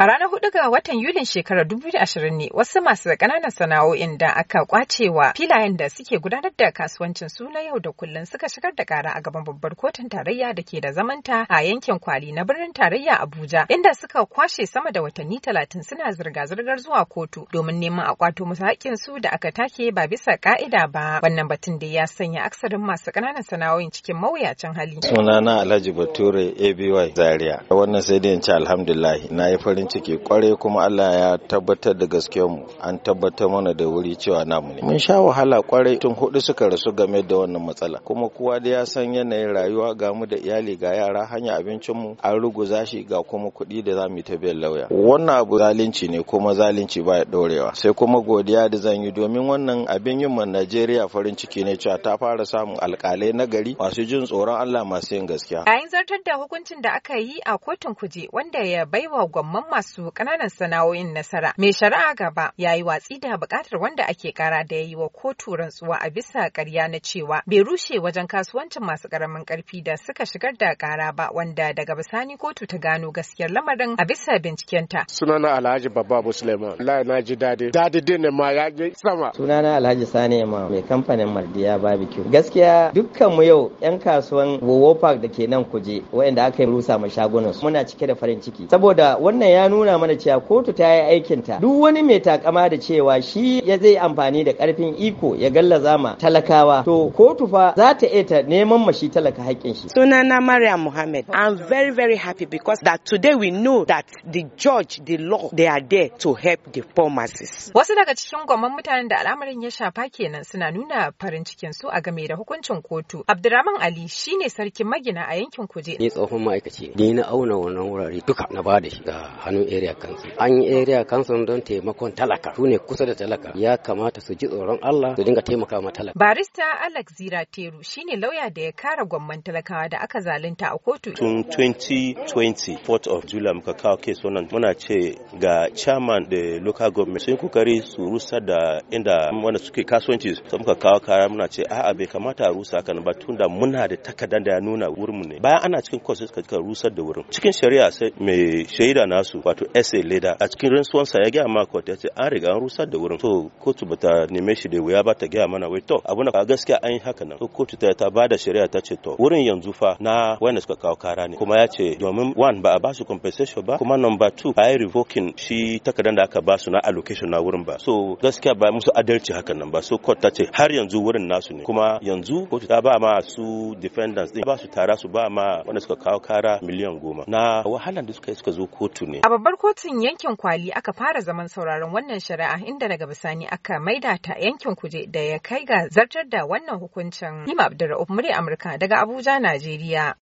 A ranar hudu ga watan Yulin shekarar dubu 2020 ne wasu masu ƙananan sana'o'in da aka kwacewa filayen da suke gudanar da kasuwancin su na yau da kullum suka shigar da kara a gaban babbar kotun tarayya da ke da zamanta a yankin Kwali na birnin tarayya Abuja inda suka kwashe sama da watanni talatin suna zirga-zirgar zuwa kotu domin neman a kwato musu haƙƙin su da aka take ba bisa ka'ida ba wannan batun dai ya sanya aksarin masu ƙananan sana'o'in cikin mawuyacin hali. Sunana Alhaji Bature ABY Zaria wannan sai dai in ce alhamdulillah na yi farin farin kwarai kuma Allah ya tabbatar da gaskiyar mu an tabbatar mana da wuri cewa namu ne mun sha wahala kwarai tun hudu suka rasu game da wannan matsala kuma kowa da ya san yanayin rayuwa ga mu da iyali ga yara hanya abincin mu an ruguza shi ga kuma kuɗi da za mu ta biyan lauya wannan abu zalunci ne kuma zalunci ba ya ɗorewa sai kuma godiya da zan yi domin wannan abin yin man Najeriya farin ciki ne cewa ta fara samun alkalai na gari masu jin tsoron Allah masu yin gaskiya yayin zartar da hukuncin da aka yi a kotun kuje wanda ya baiwa gwamnati. masu ƙananan sana'o'in nasara mai shari'a gaba ya yi watsi da buƙatar wanda ake kara da ya yi wa kotu rantsuwa a bisa ƙarya na cewa bai rushe wajen kasuwancin masu ƙaramin ƙarfi da suka shigar da ƙara ba wanda daga bisani kotu ta gano gaskiyar lamarin a bisa bincikenta. sunana alhaji babba abu suleiman lai na ji daɗi daɗi din ma ya ji sama. sunana alhaji sani ma mai kamfanin mardiya barbecue gaskiya dukkan mu yau yan kasuwan wowo park da ke nan kuje waɗanda aka yi rusa ma shagunan muna cike da farin ciki saboda wannan ya nuna mana cewa kotu ta yi aikinta duk wani mai takama da cewa shi ya zai amfani da karfin iko ya gallaza ma talakawa to kotu fa za ta iya ta neman shi talaka hakkin shi sunana maria Muhammad I'm very very happy because that today we know that the judge the law they are there to help the poor masses wasu daga cikin gwamnatin mutanen da al'amarin ya shafa kenan suna nuna farin cikin su a game da hukuncin kotu Abdurrahman Ali shine sarkin magina a yankin Kuje ni tsohon ma'aikaci ni na auna wannan wurare duka na bada shi ga hannun area council an yi area council don taimakon talaka su ne kusa da talaka ya kamata su ji tsoron Allah su dinga taimaka ma talaka barista Alex Zira Teru shine lauya da ya kara gwamman talakawa da aka zalunta a kotu tun 2020 4 of July muka kawo case wannan muna ce ga chairman da local government sun kokari su rusa da inda wanda suke kasuwanci sun muka kawo kara muna ce a'a bai kamata a rusa kan ba tunda muna da takardar da ya nuna wurinmu ne bayan ana cikin court suka rusar da wurin cikin shari'a sai mai shaida nasu wato essay leda a cikin rantsuwansa ya gaya ma court ya ce an riga an rusar da wurin to kotu ta neme shi da wuya ba ta gaya mana wai to abu na gaskiya an yi haka nan to kotu ta ta bada shari'a ta ce to wurin yanzu fa na wanda suka kawo kara ne kuma ya ce domin one ba a ba su compensation ba kuma number two ba yi revoking shi takardar da aka ba su na allocation na wurin ba so gaskiya ba musu adalci hakan nan ba so court ta ce har yanzu wurin nasu ne kuma yanzu kotu ta ba ma su defendants din ba su tara su ba ma wanda suka kawo kara miliyan goma na wahalan da suka yi suka zo kotu ne A babbar kotun yankin Kwali aka fara zaman sauraron wannan shari'a inda daga bisani aka maida ta yankin kuje da ya kai ga zartar da wannan hukuncin. Nima Abdulrahman Amurka daga Abuja, Najeriya.